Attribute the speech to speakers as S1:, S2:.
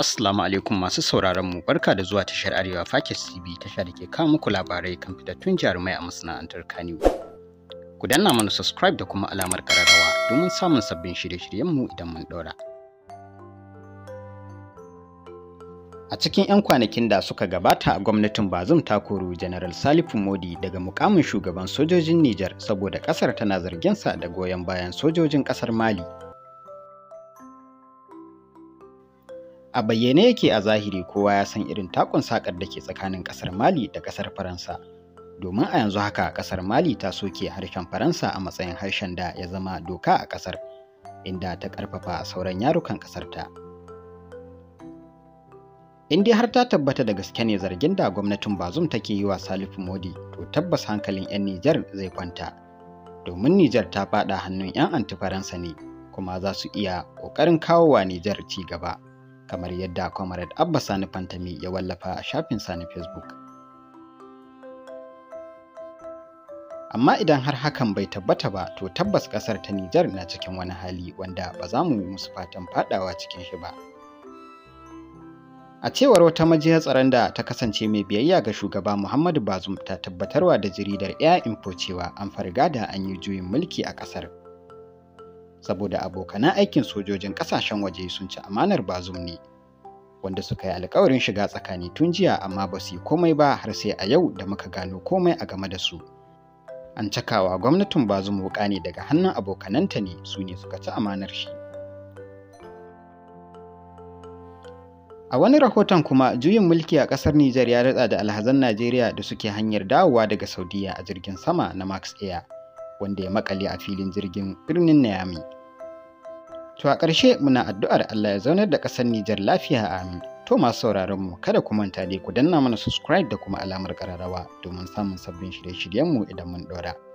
S1: Assalamu alaikum masu sauraron mu barka da zuwa tashar Arewa Fakis TV tasha da ke kawo muku labarai kan fitattun jarumai a masana'antar Kano. Ku danna mana subscribe da kuma alamar kararrawa domin samun sabbin shirye-shiryen mu idan mun daura. A cikin 'yan kwanakin da suka gabata a gwamnatin Bazum ta koro General Salifu Modi daga mukamin shugaban sojojin Nijar saboda kasar tana zargin da goyon bayan sojojin kasar Mali. a bayyane yake a zahiri kowa ya san irin takon sakar da ke tsakanin kasar mali da kasar faransa domin a yanzu haka kasar mali ta soke harshen faransa a matsayin harshen da ya zama doka a kasar inda ta karfafa sauran yarukan kasar ta in dai har ta tabbata da gaske ne zargin da gwamnatin bazum take yi wa salifu modi to tabbas hankalin 'yan nijar zai kwanta domin nijar ta fada hannun 'yan anti faransa ne kuma za su iya ƙoƙarin kawowa nijar ci gaba kamar yadda comrade abba sani fantami ya wallafa a shafin sani facebook amma idan har hakan bai tabbata ba to tabbas kasar ta nijar na cikin wani hali wanda ba za mu musu fatan fadawa cikin shi ba a cewar wata majiyar tsaron da ta kasance mai biyayya ga shugaba muhammadu bazum ta tabbatarwa da jaridar air info cewa an farga an yi juyin mulki a kasar saboda abokanan aikin sojojin kasashen waje sun ci amanar bazum ne wanda suka yi alkawarin shiga tsakani tun jiya amma ba su yi komai ba har sai a yau da muka gano komai a game da su an cakawa gwamnatin bazum wuka ne daga hannun abokananta ne su ne suka ci amanar shi a wani rahoton kuma juyin mulki a kasar Nijar ya ratsa da alhazan Najeriya da suke hanyar dawowa daga Saudiya a jirgin sama na Max Air wanda ya makale a filin jirgin birnin Nayami. To a ƙarshe muna addu'ar Allah ya zaunar da ƙasar Nijar lafiya amin. To masu sauraron mu kada ku manta dai ku danna mana subscribe da kuma alamar ƙararrawa domin samun sabbin shirye shiryen mu idan mun ɗora.